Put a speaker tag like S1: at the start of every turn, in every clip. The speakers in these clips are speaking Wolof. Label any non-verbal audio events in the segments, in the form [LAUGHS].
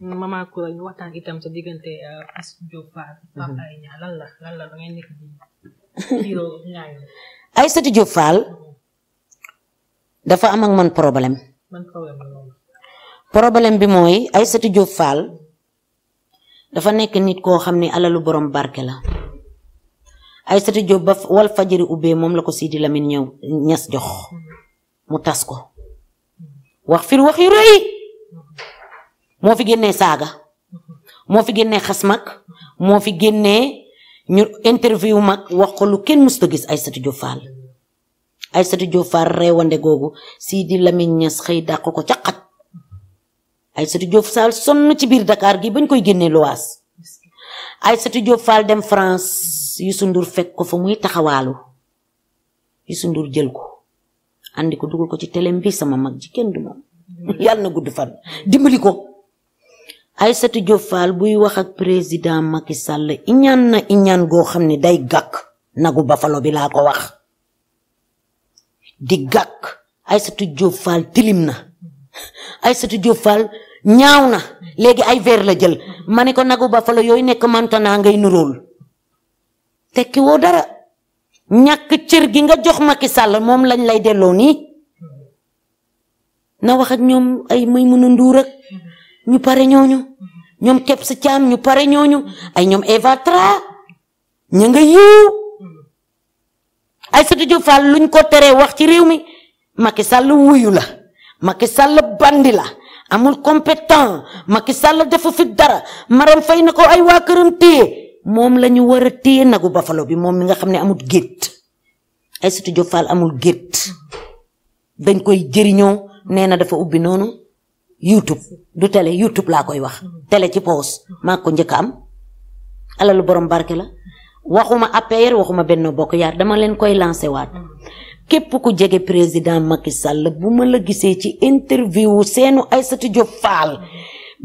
S1: maman Koura ñu waxtaan itam sa diggante uh, Astou mhm. [LAUGHS] Diop Fall. Pape Alé dafa am ak man problème. problème bi mooy ay Diop Fall. dafa nekk nit koo xam ne alalu borom barke la. ay Diop ba wal fajari ubbee moom la ko Sidi Lamine ñëw ñas jox. Mhm. mu tas ko. wax fir wax moo fi génnee saaga moo fi génne xas mag moo fi génnee ñu interview mag wax ko lu kenn musta gis ay sati Fall ay sati Fall reewande googu Sidi Lamine Niass xëy dàq ko ca xat Aïssatou Diop Fall sonn ci biir dakaar gi bañ koy génnee luwaas ay sati Fall dem France Youssou Ndour fekk ko fa muy taxawaalu Youssou Ndour jël ko andi ko dugal ko ci télé bi sama mag ji kenn [LAUGHS] yàlla na gudd fan dimbali ko ay Diop Fall buy wax ak président Macky Sall iñaan na iñaan goo xam ne day gàkk nagu bafalo bi laa ko wax di gàkk ay Diop Fall tilim na ay Diop Fall ñaaw na léegi ay veer la jël ma ne ko nagu bafalo yooyu nekk mantanaa ngay nuróol tekki woo dara ñàkk cër gi nga jox Macky Sall moom lañ lay delloo nii na wax ak ñoom ay may mën a ñu pare ñooñu ñoom tepp sa caam ñu pare ñooñu ay ñoom Eva Tra ña nga yiw Aïssatou Diop luñ ko teree wax ci réew mi Macky Sall wuyu la Macky Sall bandi la amul compétent maki Sall defu fi dara Maram Fay na ko ay waa këram téye moom la ñu war a téye nagu bafalo bi moom mi nga xam ne amul gétt ay siti Fall amul gétt dañ koy jëriñoo nee dafa ubbi noonu youtube du tele youtube laa koy wax tele ci poos maa ko njëkk am alalu borom barke la waxuma APR waxuma benn bokk yaar dama leen koy lancé waat képp ku jege président Macky Sall bu ma la gisee ci interview seenu Aïssatou Diop Fall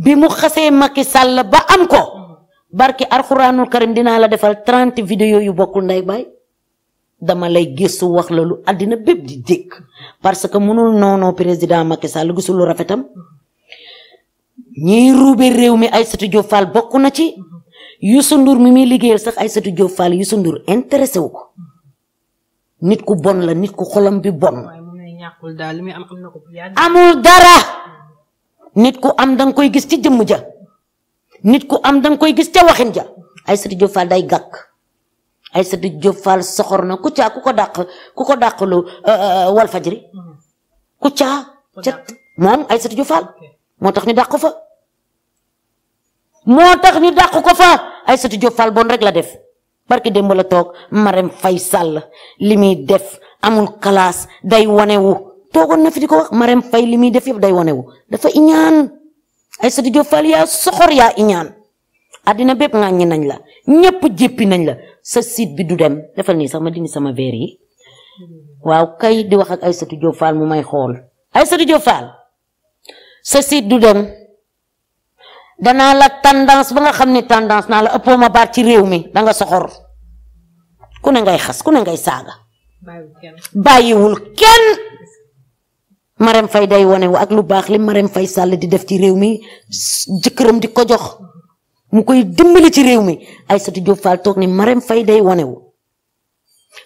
S1: bi mu xasee Macky Sall ba am ko barke alxuraanul karim dinaa la defal trente vidéo yu bokkul nday bay dama lay gëstu wax la lu àddina bépp di dégg parce que mënul noonoo président Macky Sall gisul lu rafetam ñiy ruube réew mi ay Diop Fall bokk na ci Youssou Ndour mi muy liggéeyal sax Aïssatou Diop Fall Youssou Ndour intéressé wu ko nit ku bon la nit ku xolam bi bon amul dara nit ku am danga koy gis ci jëmm ja nit ku am danga koy gis ca waxin ja ay Diop Fall day gàkk Aïssatou Diop Fall soxor na ku caa ku ko dàq ku ko dàqlu euh, euh, Walfadjri mm-hmm. ku caa ca moom Aïssatou Diop Fall moo tax ñu dàq fa moo tax ñu dàq ko fa Aïssatou Diop Fall bon rek la def barki démb la toog Marème fay Sall li muy def amul classe day wanewu toogoon na fi ko wax Marème Faye li muy def yëpp day wanewu dafa iñaan Aïssatou Diop Fall yaa soxor yaa iñaan addina bépp ŋàññi nañ la ñépp jéppi nañ la sa site bi du dem defal nii sax ma dindi sama verre waaw kay di waxak ay Aïssatou Diop mu may xool Aïssatou Diop Fall sa site du dem danaa la tendance ba nga xam ni tendance naa la ëppoo ma baat ci réew mi da nga soxor ku ne ngay xas ku ne ngay saaga. bàyyiwul kenn. Marème Faye day wane wu ak lu baax li Marème fay Sall di def ci réew mi jëkkëram di ko jox mu koy dimbali ci réew mi Aïssatou Diop Fall toog ni Marème Faye day wane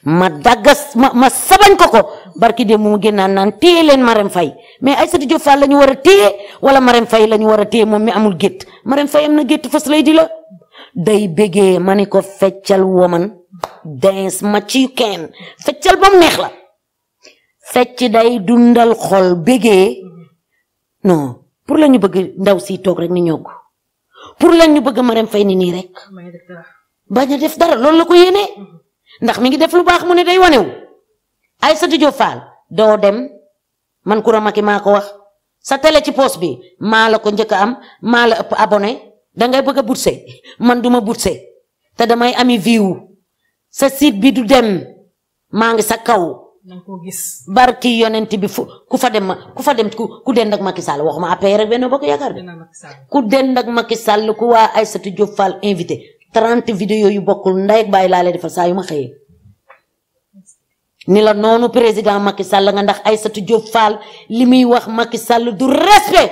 S1: ma daggas ma sabañ ko ko barki dem mu génnaan naan téye leen Marème Faye mais Aïssatou Diop Fall la ñu war a téye wala Marème fay la ñu war a téye moom mi amul gétt Marème Faye am na gétt fas lay di la day bégee ma ni ko feccal woman dance ma ci kenn feccal ba mu neex la fecc day dundal xol bégee pour lañu bëgg ndaw si toog rek ni ñog pour la ñu bëgg Marème fay ni nii rek bañ a def dara loolu la ko yéenee ndax mi ngi def lu baax mu ne day wanewu Aïssatou Diop Fall doo dem man Coura maki maa ko wax sa tele ci poste bi maa la ko njëkk a am maa la ëpp abonné dangay bëgg a bourse man duma bourse te damay ami viwu sa site bi du dem maa ngi sa kaw na ko gis barki yonent bi fu ku fa dem ku fa dem ku ku dend ak Macky Sall waxuma APR rek benn bokk yaakaar ku dend ak Macky Sall ku waa Aïssatou Diop Fall invité 30 vidéo yu bokkul ndey ak bàyyi laa defal saa yu ma xëyee. ni la noonu président Macky Sall nga ndax Aïssatou Diop Fall li muy wax Macky Sall du respect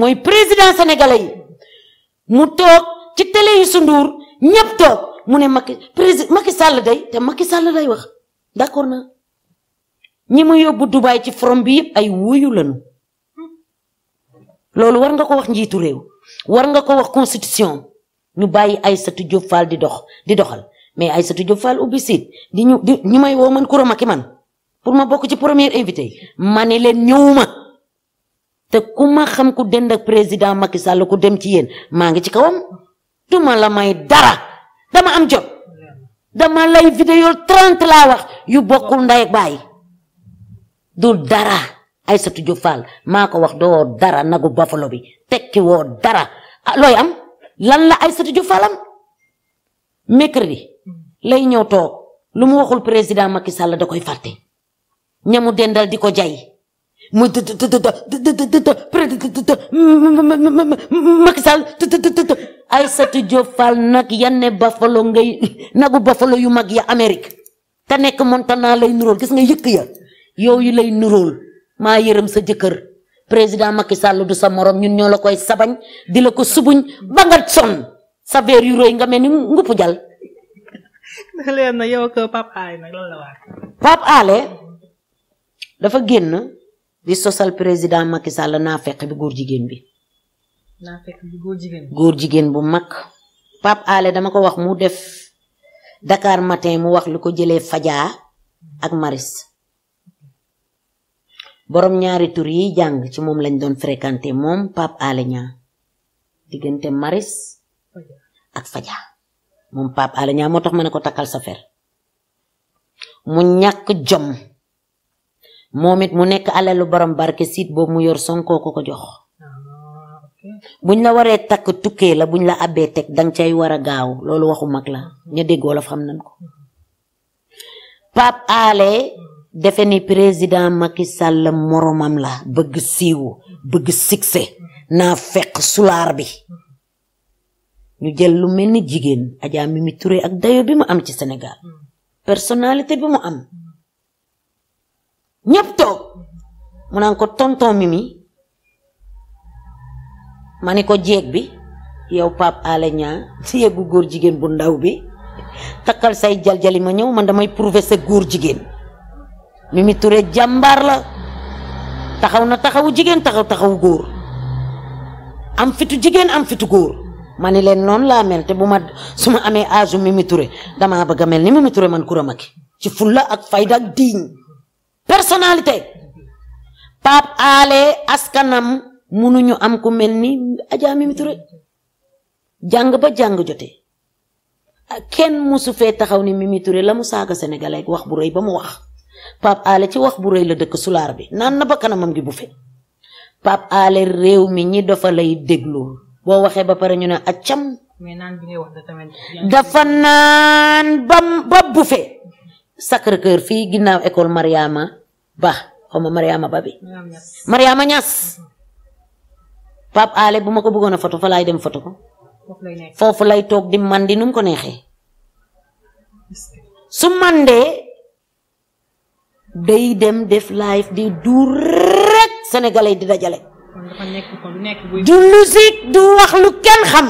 S1: mooy président sénégalais yi mu toog ci télé yu sunduur ñëpp toog mu ne Macky président Macky Sall day te Macky Sall lay wax d'accord na ñi mu yóbbu Dubaay ci forom bi yëpp ay wuyu lañu loolu war nga ko wax njiitu réew war nga ko wax constitution ñu bàyyi Aïssatou Diop Fall di dox di doxal mais ay Diop Fall ubbi di ñu di ñu may woo man Coura Macky man pour ma bokk ci première invité yi ma ne leen ñëwuma te ku ma xam ku dend ak président Macky Sall ku dem ci yéen maa ngi ci kawam duma la may dara dama am jot dama lay vidéo 30 laa wax yu bokkul ndey ak baay du dara Aïssatou Diop Fall maa ko wax doo dara nagu buffalo bi tekki woo dara ah looy am lan la Aïssatou Diop Fall am mercredi lay ñëw to lu mu waxul président Macky Sall da koy fàtte ñamu dendal di ko jay mu Macky Sall Aïssatou Diop Fall nag yanne buffalo ngay nagu buffalo yu mag ya Amérique te nekk ta naa lay nuróol gis nga yëkk ya yow yi lay nuróol maa yërëm sa jëkkër président Macky Sall du sa morom ñun ñoo la koy sabañ di la ko subuñ ba nga sonn sa veer yu rëy nga mel ni ngupp jal daleen na yow dafa génn di sosal président Macky Sall naa fekk bi góor jigéen bi. góor jigéen bu mag. Pape Alé dama ko wax mu def dakaar matin mu wax lu ko jëlee fajaa ak Maris boroom ñaari tur yi jàng ci moom lañ doon fréquenté moom Pape Alé diggante Maris ak Fadia. moom Pape Alé moo tax ma ne ko takkal sa fer mu ñàkk jom moom it mu nekk alalu borom barke siit boobu mu yor sonkoo ko ko jox buñ la waree takk tukkee la buñ la abbee teg dang cay war a gaaw loolu waxu mag la ña déggoo la xam nañ ko Pape defe ni président Macky Sall moromam la bëgg siiw bëgg succès naa fekk sulaar bi ñu jël lu mel ni jigéen Adja Mimi ture ak dayo bi mu am ci Sénégal mm. personnalité bi mu am ñëpp toog mu naan ko tonton Mimi ma ni ko jeeg bi yow Pape Alé Niang jeegu [LAUGHS] góor jigéen bu ndaw bi takkal say jaljali ma ñëw man damay prouver góor jigéen Mimi ture jàmbaar la taxaw na taxawu jigéen taxaw taxawu góor am fitu jigéen am fitu góor ma ni leen noonu laa mel te bu ma su ma amee âge Mimi Touré damaa bëgg mel ni Mimi Touré man Coura Macky ci fulla ak fayda ak diiñ personnalité Pape Alé askanam munuñu am ku mel ni Adja Mimi Touré jàng ba jàng jotee kenn musu fee taxaw ni Mimi la mu saaga sénégalais wax bu rëy ba mu wax Pape Alé ci wax bu rëy la dëkk sulaar bi naan na ba kanamam gi bu fe Pape Alé réew mi ñi dafa lay déglul boo waxee ba pare ñu ne accam mais naan dafa naan ba ba bufe fii ginnaaw école Mariama Ba xaw ma Mariama Ba bi Mariama Ñas mhm. Pape Ale bu ma ko bëggoon a foto fa laay dem foto foofu lay toog di mandi nu mu ko neexee su mandee day dem def live di du rek di dajale du logique du wax lu kenn xam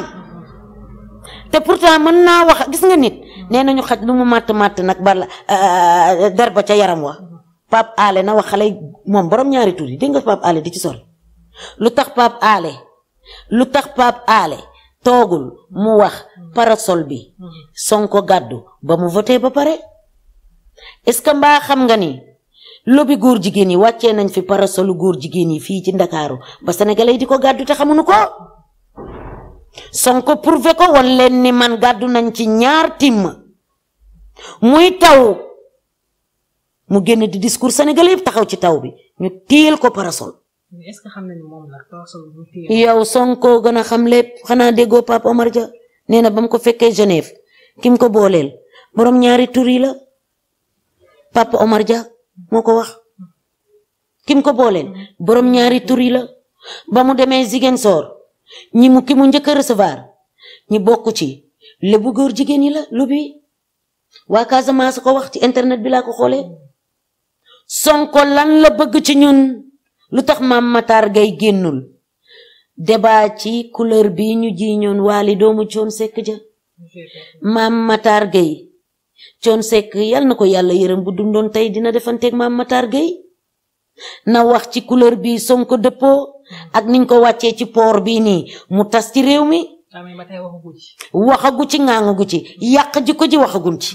S1: te pourtant mën naa wax gis nga nit nee nañu xaj lu mu matt màtt nag bala euh, der ba ca yaram wa Pape Alé na wax xale moom borom ñaari tur yi dégg di ci sol lu tax Pape lu tax Pape Alé toogul mu wax parasol bi mm-hmm. Sonko gàddu ba mu voté ba pare est-ce que mbaa xam nga ni lobi góor jigéen yi wàcce nañ fi parasolu góor jigéen yi fii ci ndakaaru ba sénégalais di ko gàddu te xamuñu ko Sonko pour ko won leen ni man gàddu nañ ci ñaar timm muy taw mu génn di discours sénégalais yëpp taxaw ci taw bi ñu téel ko parasol est-ce que yow Sonko gën a xam lépp xanaa déggoo Pape Omar Dia nee na ba mu ko fekkee Genève kim ko booleel borom ñaari tur yi la Pape Omar Dia moo ko wax kim ko booleel boroom ñaari tur yi la ba mu demee soor ñi mu ki mu njëkk a ñi bokk ci lébu góor jigéen yi la lu bi waa Casamance ko wax ci internet bi laa ko xoolee Sonko lan la bëgg ci ñun lu tax maam Matar gay génnul débat ci couleur bi ñu jiiñoon waali doomu coon sekk ja maam Matar Gueye coon sekk yal na ko yàlla yërëm bu dundoon tey dina defanteek maam Matar Gueye na wax ci couleur bi Sonko dëppoo ak niñ ko wàccee ci poor bii nii mu tas ci réew mi waxagu ci ŋaangagu ci yàq ji ko ji waxagun ci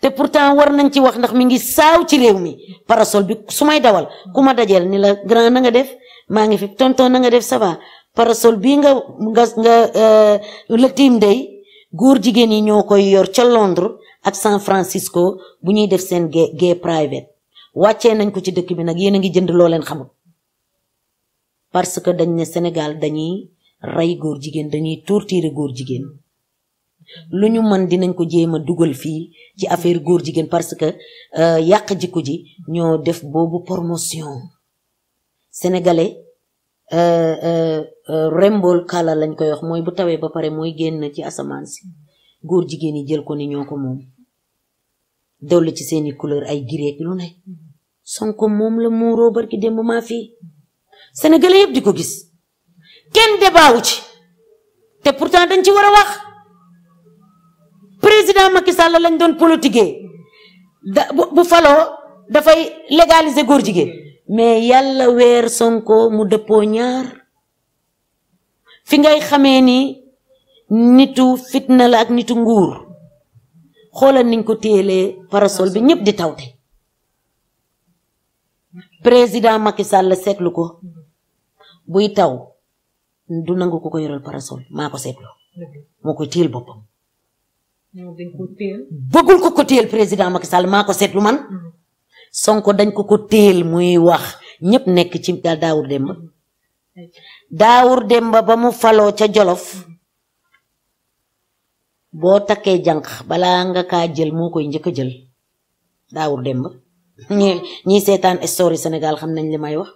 S1: te pourtant war nañ ci wax ndax mi ngi saaw ci réew mi parasol bi su may dawal ku ma dajeel ni la grand na nga def maa ngi fi tonton na nga def ça parasol bii nga nga nga euh, la tiim day góor jigéen yi ñoo koy yor ca Londres ak San Francisco bu ñuy def seen gay gay private wàccee nañ ko ci dëkk bi nag yéen a ngi jënd loo leen xamul parce que dañ ne Sénégal dañuy rey góor jigéen dañuy torturer góor jigéen lu ñu mën dinañ ko jéem a dugal fii ci affaire góor jigéen parce que euh, yàq jikko ji ñoo def boobu promotion sénégalais euh, euh, rembol kala lañ koy wax mooy bu tawee ba pare mooy génn ci asamaan si góor jigéen yi jël ko ni ñoo ko moom dawle ci seeni couleur ay gireek lu ne Sonko moom la muuroo barki démb maa fii sénégalais yëpp di ko gis kenn debaawu ci te pourtant dañ ci war a wax président Macky Sall lañ doon politiquer da bu bu faloo dafay légaliser góor jigéen mais yàlla weer Sonko mu dëppoo ñaar fi ngay xamee ni nitu fitna la ak nitu nguur xoolal niñ ko téelee parasol bi ñëpp di tawte président Macky Sall seetlu ko buy taw du nangu ko ko yoral parasol maa ko seetlu moo koy téel boppam. bëggul ko ko téel président Macky Sall maa ko seetlu man. Mm-hmm. dañ ko ko téel muy wax ñëpp nekk ci daal Demba. Mm-hmm. Daawur Demba ba mu faloo ca Jolof. Mm-hmm. boo takkee jànq balaa nga kaa jël moo koy njëkk a jël daawur demb ñi ñii seetaan story Sénégal xam nañ li may wax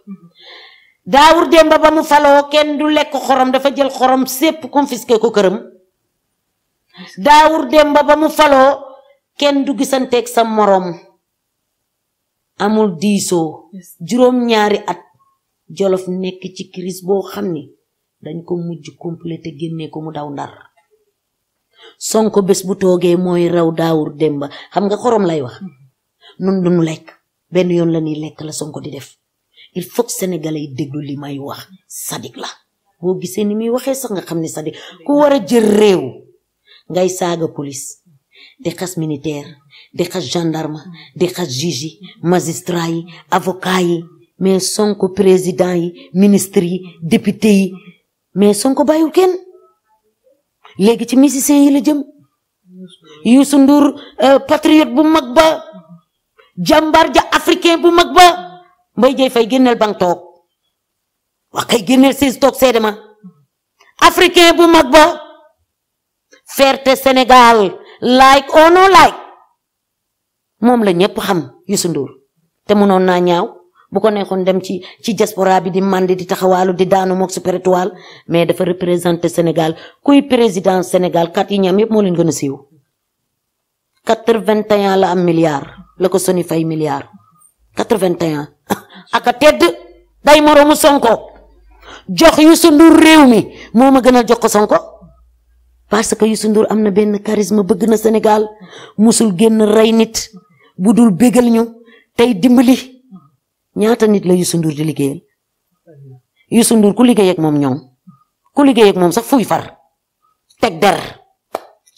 S1: daawur demb ba mu faloo kenn du lekk xorom dafa jël xorom sépp confisqué ko këram daawur demb ba mu faloo kenn du gisanteeg sa moroom amul diisoo juróom ñaari at jolof nekk ci crise boo xam ni dañ ko mujj complété génnee ko mu daw ndar Sonko bés bu toogee mooy raw daawur Demba xam nga xorom lay wax nun duñu lekk benn yoon la ñuy lekk la Sonko di def il faut que sénégalais yi déglu li may wax sadik la boo gisee ni muy waxee sax nga xam ne sadik ku war a jël réew ngay saaga police di xas militaire di xas gendarme di xas juge yi magistrat yi avocat yi mais Sonko président yi ministre yi député yi mais Sonko bàyyiwul kenn léegi ci musiciens yi la jëm Youssou Ndour euh, patriote bu mag ba jàmbaar ja africain bu mag ba Mbaye Dieye Faye génneel bang toog wax kay génneel siis toog seede ma africain bu mag ba fierté Sénégal like or no like moom la ñépp xam Youssou Ndour te mënoon naa ñaaw bu ko neexoon dem ci ci diaspora bi di mandi di taxawaalu di daanu mook super étoile mais dafa représenté Sénégal kuy président Sénégal kat yi ñam yëpp moo leen gën a siiw. quatre vingt et la am milliard la ko soni fay milliard quatre vingt et un [LAUGHS] ak a tedd day moroomu Sonko jox Youssou Ndour réew mi moo ma gën a jox ko Sonko parce que Youssou Ndour am na benn charisme bëgg na Sénégal musul génn rey nit bu dul bégal ñu tey dimbali. ñaata nit la Youssou Ndour di liggéeyal Youssou Ndour ku liggéey ak moom ñoom ku liggéey ak moom sax fuy far teg der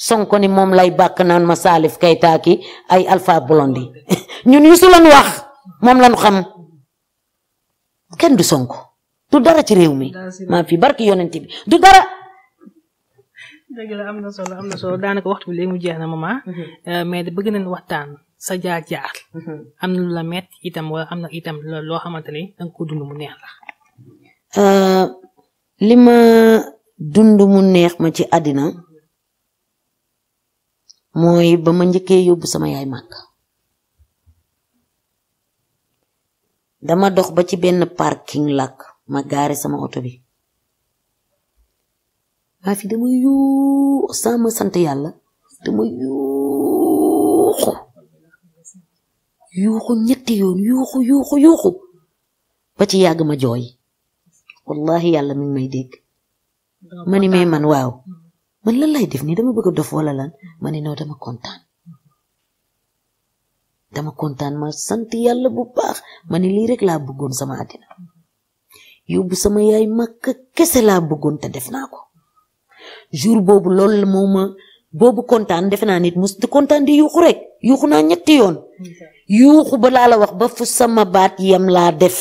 S1: Sonko ni moom lay bàkk naan ma Salif Keita ki ay Alpha Blondy [LAUGHS] ñun Youssou lañ wax moom lañ xam kenn du Sonko du dara ci réew mi maa fi barki yonent bi du dara sa jaar-jaar mhm. am na lu la metti itam wala am na itam loo xamante ni danga ko dund mu neex la euh, li ma dund mu neex ma ci àddina mooy ba ma njëkkee yóbbu sama yaay màkk dama dox ba ci benn parking làkk ma gaare sama oto bi maa fi dama yuux sama sant yàlla dama yuuxu yuuxu ñetti yoon yuuxu yuuxu yuuxu ba ci yàgg ma jooy wallahi yàlla mi ngi may dégg ma man waaw man lan lay def nii dama bëgg a dof wala lan ma ni non dama kontaan dama kontaan ma sant yàlla bu baax ma ni lii rek laa bëggoon sama àddina yóbbu sama yay màkk kese laa bëggoon te def naa ko jour boobu loolu moo boobu kontaan defe naa nit mos di kontaan di yuuxu rek yuuxu na ñetti yoon yuuxu ba laa la wax ba fu sama baat yem laa def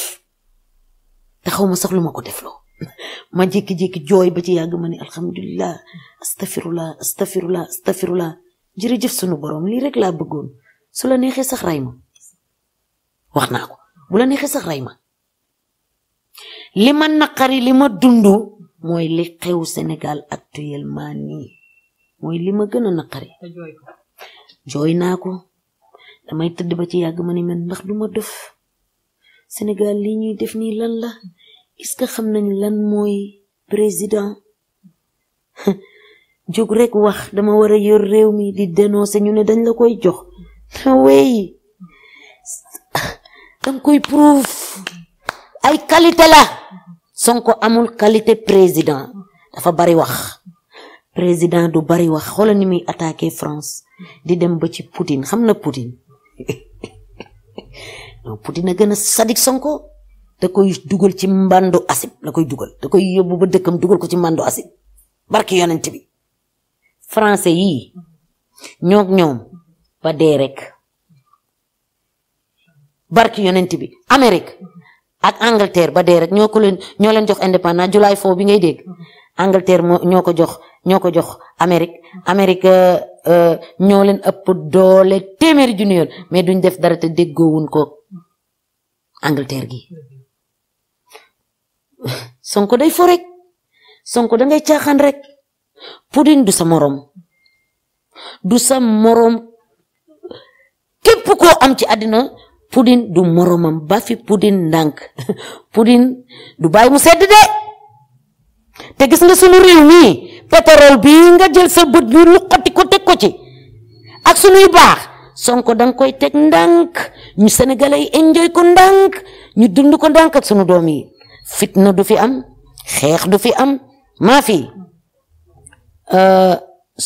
S1: te xaw ma sax lu ma ko def loo [LAUGHS] ma jékki-jékki jooy ba ci yàgg ma ne alhamdulilah astafirullah astafirullah astafirullah jërëjëf sunu borom lii rek laa bëggoon su la neexee sax ray ma wax naa la neexee sax ray ma li ma naqari li ma dund mooy li xew Sénégal actuellement nii mooy li ma gën a naqari jooy naa ko damay tëdd ba ci yàgg ma ne man ndax du ma def Sénégal lii ñuy def nii lan la est que xam nañ lan mooy président [LAUGHS] jóg rek wax dama war a yor réew mi di dénoncer ñu ne dañ la koy jox [LAUGHS] wey [LAUGHS] danga koy prouve ay qualité la Sonko amul qualité président dafa bari wax président du bari wax xoolal ni muy attaqué France di dem ba ci Poutine xam na Poutine [LAUGHS] non Poutine a gën a sadik Sonko da koy dugal ci mbando asib la koy dugal da koy yóbbu ba dëkkam dugal ko ci mbandu asib barki yonent bi français yii ñoo ñoom ba dee barki yonent bi Amérique ak Angleterre ba dee ñoo ko leen ñoo leen jox indépendant July 4 bi ngay dégg Angleterre moo ñoo ko jox ñoo ko jox Amérique Amérique euh, ñoo leen ëpp doole téeméeri junni yoon mais duñ def dara te déggoowuñ ko Angleterre gi Sonko day fo rek Sonko da ngay caaxaan rek Poutine du sa morom du sa morom képp ko am ci àddina Poutine du moromam ba fi Poutine ndànk [LAUGHS] Poutine du bàyyi mu sedd de te gis nga sunu réew mii pétrole bii nga jël sa bët bi luqati ko teg ko ci ak suñuy baax sonko da nga koy teg ndànk ñu sénégalais yi enjoy ko ndànk ñu dund ko ndànk ak suñu doom yi fitna du fi am xeex du fi am maa fi euh,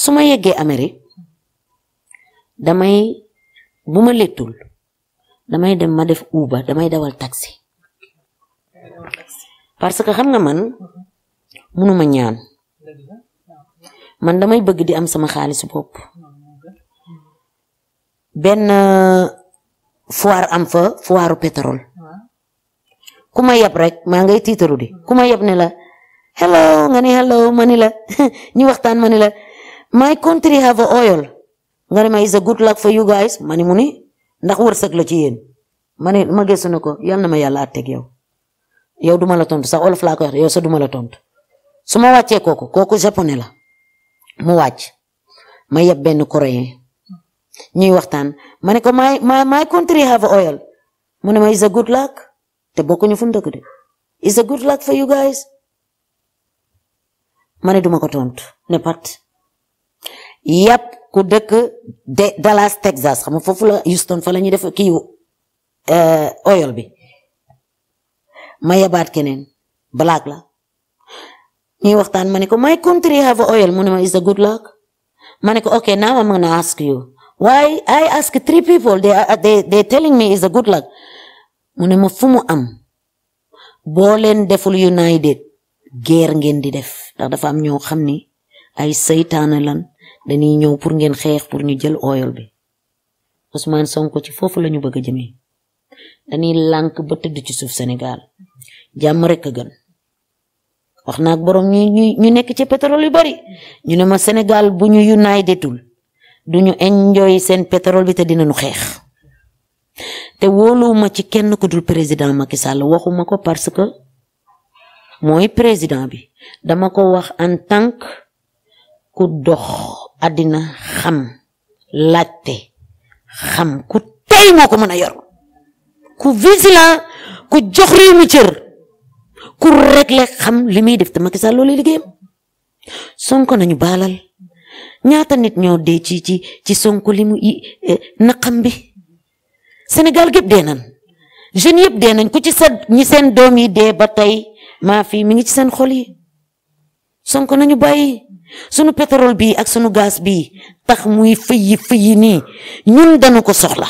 S1: su ma yeggee Amérique damay bu ma léttul damay dem ma def Uber damay dawal taxi parce que xam nga man mënuma ñaan man damay bëgg di am sama xaalis bopp benn foire am fa foiru pétrole ku ma yab rek maa ngay tiitaru di ku ma yab ne la hello nga hello ma ni la [LAUGHS] ñu waxtaan ma ni la my country have a oil nga ma is a good luck for you guys ma ni mu ni ndax wërsëg la ci yéen ma ne ma gëstu ne ko yal na ma yàlla àtteeg yow yow duma la tontu sax olof laa ko wax yow duma la tontu su ma wàccee kooku kooku japonais la mu wàcc ma yeb benn coréen ñuy waxtaan ma ne ko my my my country have oil mu ne ma is a good luck te bokkuñu fu mu dëkk de is a good luck for you guys ma ne duma ko tontu ne pat yab ku dëkk Dallas Texas xam nga foofu la Houston fa la ñuy def kii eh, oil bi ma yabaat keneen black la ñuy waxtaan ma ne ko may country have oil mu ne ma is a good luck ma ne ko ok naa I'm gonna ask you why I ask three people they are they they telling me is a good luck mu ne ma fu am boo leen deful united guerre ngeen di def ndax dafa am ñoo xam ni ay saytaane lan dañuy ñëw pour ngeen xeex pour ñu jël oil bi Ousmane Sonko ci foofu lañu ñu bëgg a jëmee dañuy lànk ba ci suuf Sénégal jàmm rek a gën. wax naag borom ñu ñu nekk ci pétrole yu bari ñu ne ma Sénégal bu ñu unidetul du ñu enjoy seen pétrole bi te dinañu xeex te wóoluwuma ci kenn ku dul président Macky Sall waxuma ko parce que mooy président bi dama ko wax en tant que ku dox addina xam laajte xam ku tey moo ko mën a yor ku vigilant ku jox réew mi cër ku réglé xam li muy def te Macky Sall loolu liggéeyam Sonko nañu baalal ñaata nit ñoo dee ci ci ci Sonko limu mu i e, naqam bi Sénégal gépp dee nañ jeunes yëpp dee nañ ku ci sa ñi seen doom yi dee ba tey maa fii mi ngi ci seen xol yi Sonko nañu bàyyi sunu pétrole bii ak sunu gaz bi tax muy fëyi fëyi nii ñun danu ko soxla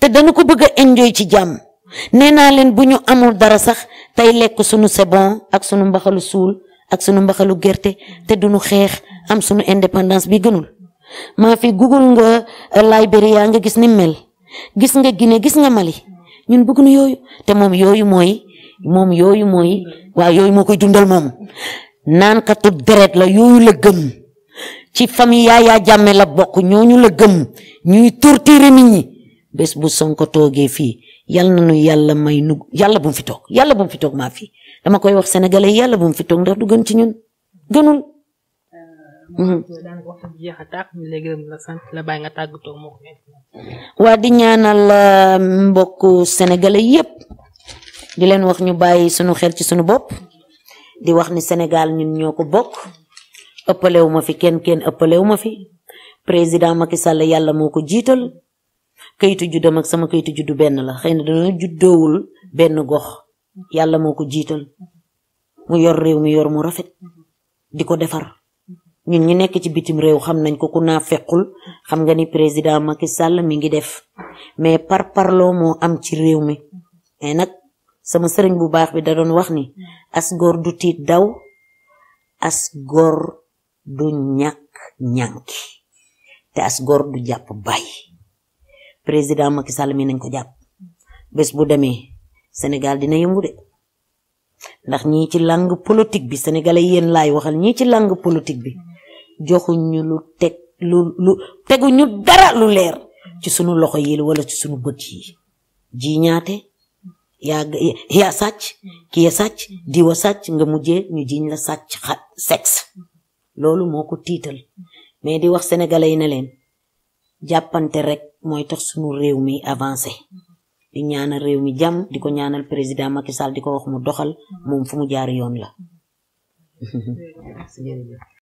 S1: te danu ko bëgg enjoy ci jàmm nee naa leen bu ñu amul dara sax tey lekk sunu sebon ak sunu mbaxalu suul ak sunu mbaxalu gerte te duñu xeex am sunu indépendance bi gënul maa fi google nga euh, Liberia nga gis ni mel gis nga Guinée gis nga Mali ñun bëgguñu yooyu te moom yooyu mooy moom yooyu mooy waaye yooyu moo koy dundal moom naankatu deret la yooyu la gëm ci famille Yaya Jammeh la bokk ñu la gëm ñuy torturer nit ñi bés bu Sonko toogee fii yàlla na nu yàlla may nu yàlla bu mu fi toog yàlla bu mu fi toog maa fi dama koy wax sénégalais yàlla bu mu fi toog ndax du gën ci ñun gënul. waa di ñaanal euh, mbokku sénégalais yépp di leen wax ñu bàyyi sunu xel ci sunu bopp di wax ni Sénégal ñun ñoo ko bokk ëppalewu ma fi kenn kenn ëppalewu ma fi président Macky sàll yàlla moo ko jiital. kayitu juddam ak sama kayitu juddu benn la xëy na dañoo juddoowul benn gox yàlla moo ko jiital mu yor réew mi yor mu rafet di ko defar ñun ñu nekk ci bitim réew xam nañ ko ku naa fekkul xam nga ni président Macky sàll mi ngi def mais par parloo moo am ci réew mi mais nag sama sëriñ bu baax bi da doon wax ni as góor du tiit daw as du ñàkk ñànki te as góor du jàpp bàyyi président Macky Sall mi nañ ko jàpp bés bu demee Sénégal dina yëngu de ndax ñii ci langue politique bi sénégalais yéen laay waxal ñii ci langue politique bi joxuñu lu teg lu lu teguñu dara lu leer ci sunu loxo yi wala ci sunu bët yi ji ñaate yaa yaa sàcc ki ya sàcc diwa sàcc nga mujjee ñu jiñ la sàcc sexe loolu moo ko mais di wax sénégalais yi ne leen jàppante rek mooy tax sunu réew mi avancé di ñaanal réew mi jàmm di ko ñaanal président Macky Sall di ko wax mu doxal moom fu mu jaar yoon la. [LAUGHS]